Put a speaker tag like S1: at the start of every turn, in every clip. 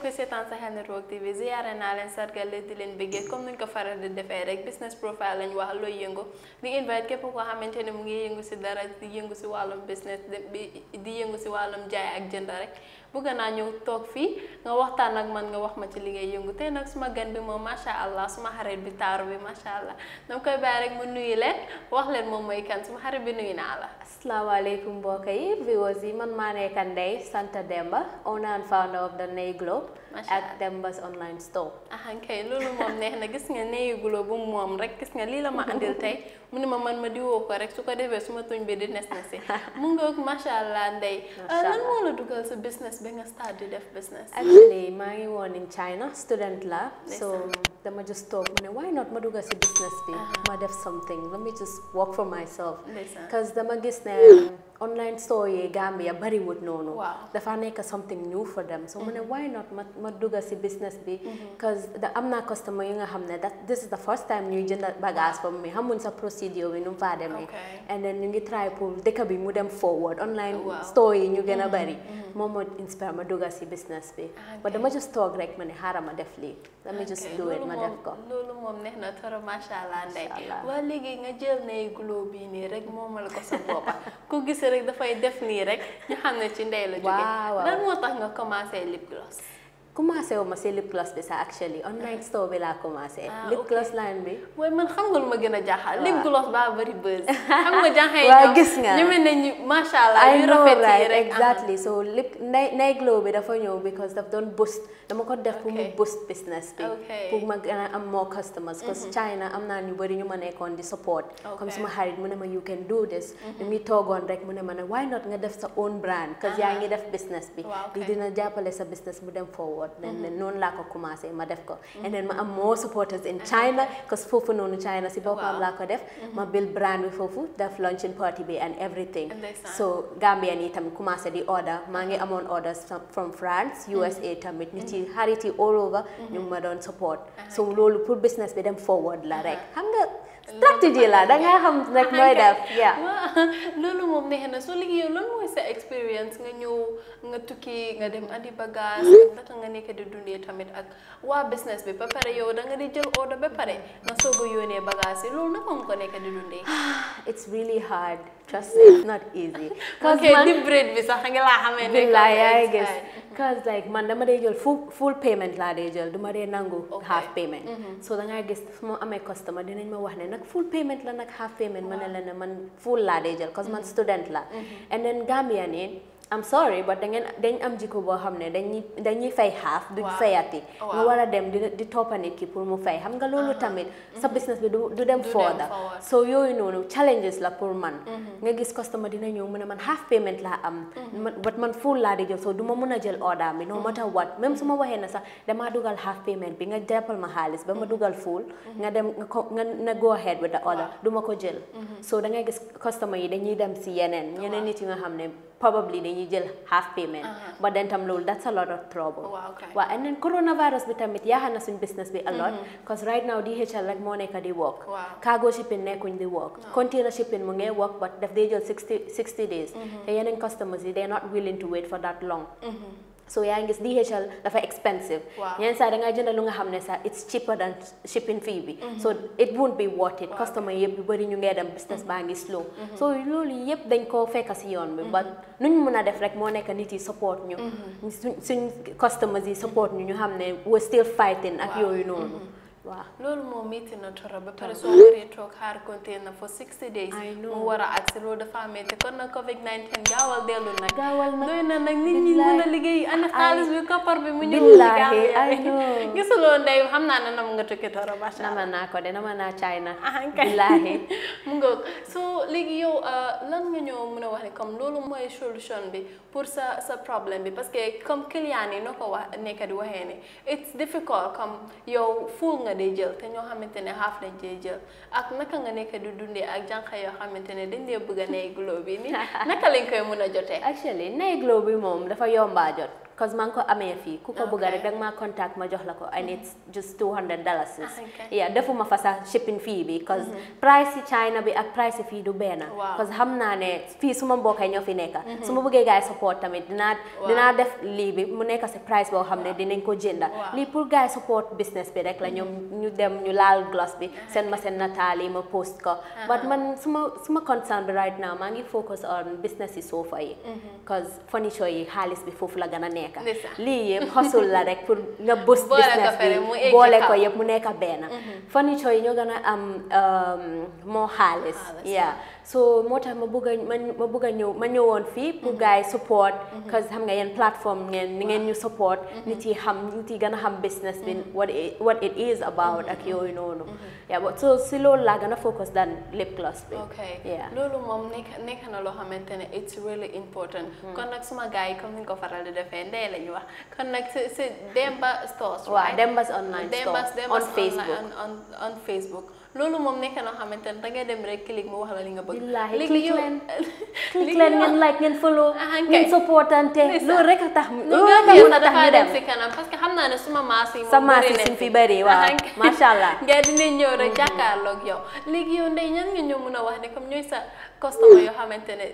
S1: képp kuy seetaan Sahel Network TV ziyaare naa leen sargal leen di leen bëggee comme nuñ ko faral di defee rek business profile lañ wax looy yëngu di invite képp koo xamante ne mu ngi yëngu si dara di yëngu si wàllum business di yëngu si wàllum jaay ak jënd rek Bukan na ñëw tok fi nga waxtaan ak man nga wax ma ci li ngay yëngu tey nak suma gën bi ma sha allah suma xarit bi taru bi sha allah dama koy bay rek mu nuyu leen wax leen mom moy kan suma xarit bi nuyu na la.
S2: mbokk yi bi man ne kan day Santa Demba owner and founder of the Ney Globe. ak Demba's online store.
S1: ah kay lolu mom neex na gis nga Ney Globe mom um rek gis nga li la ma andil tay mu ne ma man ma wo ko rek su ko suma tuñ bi di nes na mu allah Ndey. lan mo la duggal sa business ba nga start di def business. actually my one in China student
S2: la. so dama just thought, why not Maduga si business bi. ma def something let me just work for myself. because dama gis ne online store yi Gambia no noonu dafa nekk something new for them so mu ne mm-hmm. why not ma si business be, mm-hmm. cause da am naa customer yung hamne that this is the first time you jënda bagas for me. Hamun sa procédure bi nu mu faa and then ñu ngi pull pour dëkk bi mu dem forward online store yi ñu gën a mm-hmm. bari moom moo inspire ma si business bi ah, but dama just talk like, ma ne xaaral ma def lii
S1: just do it Madefko. def ko loolu na toro macha allah ndey waa léegi nga jël ne glow bi nii rek moomal ko sa bopp rek dafay def nii rek ñu xam ne ci ndey la jógee. waaw lan moo tax nga commencé lip gloss.
S2: commencé wu ma si lip gloss bi sax actually online uh-huh. store bi laa commencé. ah lip gloss line bi. waaye man xam nga lu ma gën a jaaxal. lip gloss
S1: baa bëri buzz. xam nga jaaxal gis nga ñu mel ne ñu macha allah. ñu rafet yi rek uh-huh. exactly
S2: so lip nay nay bi dafa ñëw because daf doon boost. dama ko def pour mu boost business bi. pour ma gën a am more customers. because mm-hmm. China am naa ñu bëri ñu ma nekkoon di support. comme suma xarit mu ne ma you can do this. ni mm-hmm. muy toogoon rek mu ne ma ne why not nga def sa own brand. because yaa uh-huh. ngi def business bi. dina jàppale sa business mu dem forward support nen nen mm-hmm. noonu laa ko commencé ma def ko and then ma mm-hmm. am more supporters in China cause foofu noonu China si boppam laa ko def mm-hmm. ma build brand bi foofu def launching party bi and everything so Gambian yi tamit commencé di order maa ngi amoon orders from France USA tamit nit yi xarit yi all over ñu ma doon support uh-huh. so loolu pour business bi dem forward la uh-huh.
S1: rek stratégie la da nga
S2: xam rek nooy def yaa
S1: loolu moom neex na soo liggéey loolu mooy sa expérience nga ñëw nga tukki nga dem andi bagage ak nga nekk di dundee tamit ak waa business bi ba pare yow da nga di jël order ba pare nga soog a yónnee bagage yi loolu naka nga ko nekk di dundee. it's really hard trust me it's not easy. cause man bi sax nga laa xamee ne. billaay
S2: yaa man dama dee jël full full payment laa dee jël duma dee nangu half payment. so da gis su ma amee customer dinañ ma wax ne nag. full payment la nag half payment ma ne la ne man full laa day jël cause man student la mm-hmm. and then Gambia nii am sorry but da ngeen dañ am jikko boo xam ne dañuy dañuy fay xaaf du fayati nga war a dem di toppa nit ki pour mu fay xam nga loolu uh-huh. tamit mm-hmm. sa business bi du dem fooda so yooyu noonu challenges la pour man mm-hmm. nga gis customer dina ñëw mu ne man half payment laa am mm-hmm. but man full laa di jël so du mun a jël order bi no matter what même su ma waxee ne sax damaa dugal half payment bi nga jàppal ma xaalis ba ma dugal full nga dem nga nga go ahead with the order duma ko jël so da ngay gis customer yi dañuy dem si yeneen yeneen nit yi nga xam ne probably dañuy jël half payment but then tam loolu that's a lot of trouble oh, waaw and then coronavirus bi tamit yaaxal na suñ business bi a lot mhm. because right now DHL rek moo nekk di work cargo shipping nekkuñ di work container shipping mu ngee work but daf dee jël sixty sixty days mhm. te yeneen customers yi they are not willing to wait for that long mhm. so yaa ngi gis DHL dafa expensive. waaw yenn saa da ngaa jënd lu nga xam ne sax it's cheaper than shipping fee bi. Mm-hmm. so it won't be worth it. customer yëpp yu bëri ñu ngay dem business mm-hmm. baa ngi slow. Mm-hmm. so loolu yëpp dañ koo fekk si yoon bi. but nu ñu mën a def rek moo nekk nit yi support ñu. suñ suñ customers yi support ñu ñu xam ne we still fighting ak yooyu noonu.
S1: waaw loolu moom métti na trop ba pare soo waree toog xaar container for 60 days. mu war a agsi loolu dafa métti kon nag Covid 19 gaawal dellu nag. gaawal nag na nag nit ñi mën a liggéey ana xaalis bi koppar bi mu ñëw. billaahi ay xam naa ne nam nga tukki trop macha allah. naa ko de nama naa caay na. billaahi mu nga soo léegi yow uh, lan nga ñëw mun a wax ni comme loolu mooy solution bi pour sa sa problème bi parce que comme client yi noo ko wax nekk di waxee ni it's difficult comme yow fuul nga. day jël te ñoo xamante ne xaaf dañ cee jël ak naka nga nekk di dundee ak jànq yoo xamante ne dañ dee bëgg a nay glow bi ni naka lañ koy mën a jotee actually nay glow
S2: bi moom dafa yombaa jot cause maa ngi ko amee fii ku ko bëgg rek danga maa contact ma jox la ko and it's mm-hmm. just two hundred dollars ah, yeah defuma fa sax shipping fii bi cause mm-hmm. price yi China bi ak price yi fii du benn cause xam naa ne fii suma ma mbokkee ñoo fi nekka mm-hmm. su ma bëggee gars yi support tamit dinaa dinaa def lii bi mu nekk si price boo xam ne dinañ ko jënda lii pour gars yi support business bi rek la ñu dem ñu laal gloss bi ah, seen ma seen nataal yi ma post ko uh-huh. but man suma suma concern bi right now maa ngi focus on business yi soofa yi yi xaalis bi foofu la gën a neex lii yëpp xasul la rek pour nga bës business bi boole ko yëpp mu nekk benn mhm. furniture yi ñoo gën a am um, moo xaalis yeah so moo tax ma bëgg a ma bëgg a ñëw ma ñëwoon fii pour mhm. gars yi support mhm. cause xam nga yeen plateforme ngeen ni ngeen ñu support nit yi xam nit yi gën a xam business bi what it what it is about ak yooyu noonu yeah so si loolu laa gën a focus daan lip gloss
S1: bi moom nekk nekk na loo xamante ne it's really important kon nag suma gars yi comme ni ko faral di defee day lañu wax kon nak si si Demba stores. waaw Demba's
S2: online store on Facebook
S1: on on Facebook. lolu mom nek na xamantene da ngay dem rek click mu wax la li nga bëgg. click len click len ngeen like ngeen follow. ngeen supportante loolu rek tax. loolu nga a tax ñu dem parce que xamna na suma maas yi. sa maas yi suñ fi bëri waaw macha allah. ngay dinañ ñëw rek jàkkaarloog yow léegi yow ndey ñan nga ñu mëna wax ne comme ñoy sa customer yo xamantene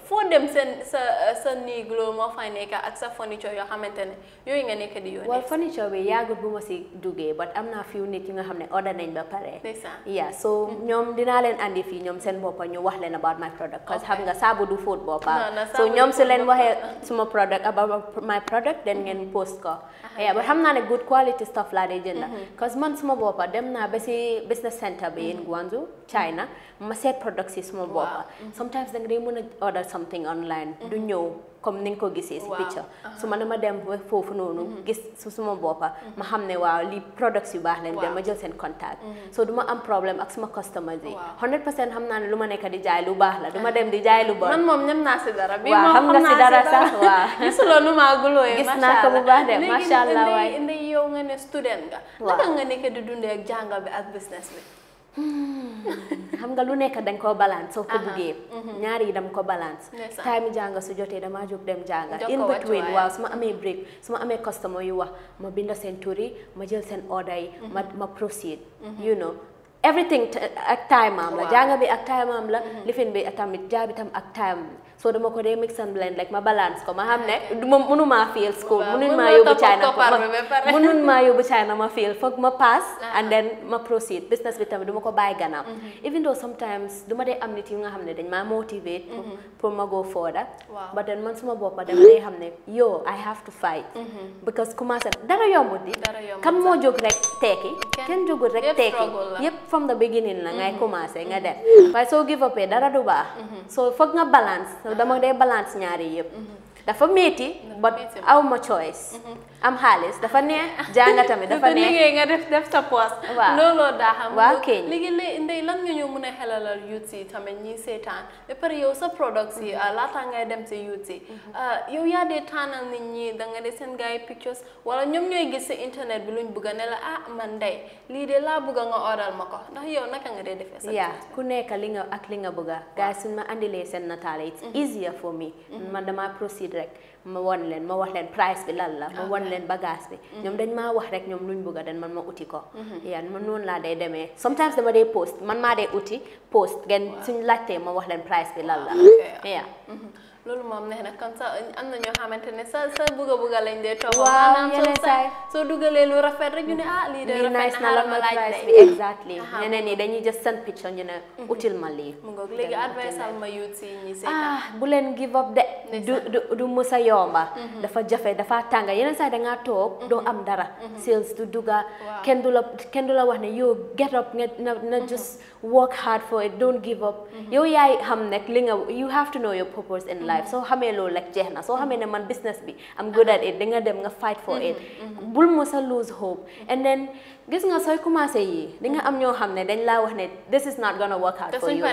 S1: foo dem seen sa sa néeg loolu moo fay nekk ak sa furniture yoo xamante ne yooyu nga nekk di yónnee. waaw
S2: furniture bi yàggut bu ma si duggee but am naa few nit yi nga xam ne order nañ ba pare. yaa soo mm-hmm. ñoom dinaa leen andi fii ñoom seen boppa ñu wax leen about my product. parce que xam nga saabu du fóot boppa soo ñoom su leen waxee suma product about my product den ngeen mm-hmm. post ko. yeah but xam naa ne good quality stuff laa dee jënd. parce mm-hmm. que man suma boppa dem naa ba si business center bi in Guangzhou. China ma seet products yi suma boppa mm-hmm. sometimes da nga mën a order something online du mm-hmm. ñëw comme ni nga ko gisee si picture uh-huh. su ma dama dem foofu noonu mm-hmm. gis su suma boppa ma xam ne waaw lii products yu baax leen dem ma jël seen contact ma am problème ak suma customers yi hundred percent xam naa ne lu ma nekk di jaay lu baax la dama dem di jaay lu bon man
S1: moom ñem naa si dara bi moom xam nga si dara sax waaw gisuloo nu maa gulooyee gis naa ko bu baax de macha allah waay yow nga ne student nga naka di dundee ak jàngal bi ak business bi Hmm.
S2: xam nga lu nekk dañ koo balance soo ko buggee mhm. ñaar yi dam ko balance time jànga su jotee dama jóg dem jànga in between waaw su ma amee break su ma amee customer yu wax ma binda seen tur yi ma jël seen order yi ma mhm. ma proceed mhm. you know everything ak time am la jànga bi ak time am la lifin bi tamit jaabi tam ak time so dama ko dee mix and blend rek ma balance ko ma xam ne duma mënumaa feel school mënuñ maa yóbbu China mënuñ maa yóbbu China ma feel foog ma pass ah. and then ma proceed business bi tamit duma ko bàyyi gannaaw mm-hmm. even though sometimes duma dee am nit yi nga xam ne dañ maa motivate mm-hmm. pour ma go further but then man suma boppa dama dee xam ne yo I have to fight mm-hmm. because commencé dara yombut di kan moo jóg rek teeki kenn jógul rek teeki yépp from the beginning la ngay commencé nga def waaye dama dee balance ñaari yëpp. Mm-hmm. dafa métti ba aw ma choice. Mm-hmm. am xaalis dafa neex jànga tamit dafa neex
S1: nga def def sa poos. looloo daa xam. waaw kay lan nga ñëw mën a xelalal youth yi tamit ñi seetaan ba pare yow sa products yi mm-hmm. ah, laata ngay dem si youth yi. Mm-hmm. Ah, yow yaa dee tànnal nit ñi da nga de seen gars yi pictures wala ñoom ñooy gis si internet bi luñ bugg a ne la ah man ndey lii de laa bugg a nga oral ma ko ndax yow naka nga dee defee. sa yaa
S2: ku nekk li nga ak li nga bëgg a. gars yi ma andilee seen nataal it's easier for me. man dama proceed nit rek ma won leen ma wax leen price bi lan la ma won ah. leen bagage bi mm-hmm. ñoom dañ maa wax rek ñoom lu ñu a den man ma uti ko mm-hmm. yan man noonu laa day demee sometimes dama dee post man maa dee uti post ngeen suñ laajtee ma wax leen price bi lan la ah, mm-hmm.
S1: loolu moom neex na kon sa am na ñoo xamante ne sa sa bëgg a bëgg lañ dee toog. waaw yeneen saay
S2: soo dugalee lu rafet rek ñu ne ah
S1: lii de rafet na la ma laaj bi
S2: exactly dañuy just send picture ñu ne mhm. util ma lii.
S1: mu ngoog léegi advice al ma youth si ñi seetaan ah
S2: bu leen give up de. du du du musa yomba. Mhm. dafa jafe dafa tànga yeneen saay da ngaa toog doo mhm. am dara. sales du dugga kenn du la kenn du la wax ne yow get up nga na just work hard for it don't give up. yow yaay xam nekk li nga you have to know your purpose in life life soo xamee loolu rek jeex na soo xamee ne man business bi am good at it danga dem nga fight for it mm-hmm, mm-hmm. bul mu sa lose hope and then gis nga sooy commencé yi di am ñoo xam ne dañ laa wax ne this is not gonna work out for you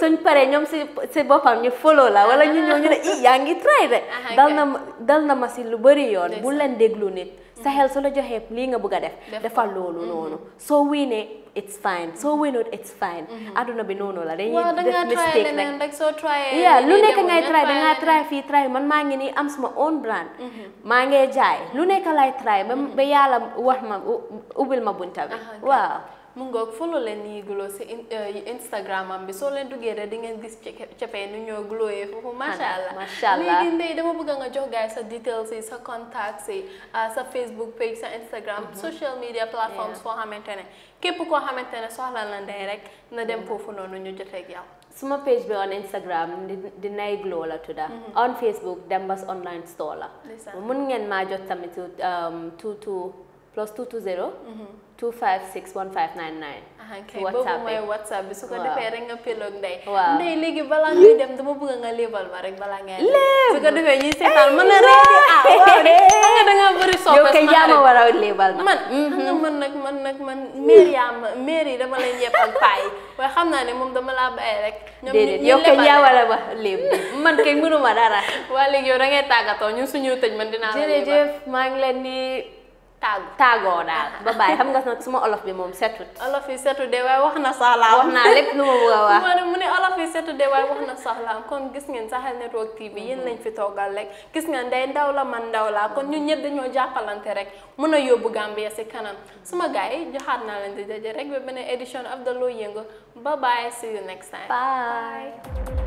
S2: suñ paree ñoom si si boppam ñu follow la wala ñu ñëw ñu ne i yaa ngi try de dal na dal na ma si lu bëri yoon bul leen déglu nit sa su la joxee lii nga bëgg a def defal loolu mm-hmm. noonu soo wiinee it's fine soo wiinut it's fine mm-hmm. adduna bi noonu la dañuy def mistake
S1: rek yeah lu nekk ngay try dangaa try
S2: fii try man maa ngi nii am suma own brand mm-hmm. maa ngee jaay lu nekk lay try ba yàlla wax ma ubbil ma bunta bi
S1: waaw mu ngoog follow leen nii Glo si eh, Instagram am bi soo leen duggee rek di ngeen gis cepee nu ñoo glowee foofu macha allah macha allah léegi ndey bëgg nga jox gaay sa details yi sa contacts yi ah, sa Facebook page sa Instagram mhm. social media platforms foo xamante ne képp koo xamante ne soxla la ndey rek na dem mhm. foofu noonu ñu joteeg yow.
S2: suma page bi on Instagram di Nay Glo la tudda mhm. on Facebook Demba's online store la. mun ngeen maa jot tamit um, two two plus two two zero. 2561599 ah,
S1: ok WhatsApp boobu ya. mooy WhatsApp bi su ko defee rek nga pilloog ndey ndey léegi balaa ngay dem dama bëgg nga léebal ma rek balaa ngay dem su ko defee ñuy seetaan mën na rek di ah waaw de xam nga da ngaa bëri man xam mhm. nga anu man man nag man maire yaa ma maire yi dama lay ñeppal paay waaye xam naa ne moom dama man kay mënuma dara waa léegi yow da ngay tàggatoo ñun suñu tëj man dinaa
S2: taago taagoo daal ah. ba bàyyi xam nga nag suma olof bi moom setut. olof yi setut de waaye wax na soxlaam. wax naa lépp lu ma
S1: mu ne olof yi setu de waaye wax na soxlaam kon gis ngeen sax Sahel Network TV yéen lañ fi toogal rek gis ngeen day ndaw la man ndaw laa kon ñu ñëpp dañoo jàppalante rek mën a yóbbu Gambia si kanam suma gars yi joxaat naa leen di daje rek ba beneen édition of the Loi Yëngu ba bye see you next time. bye.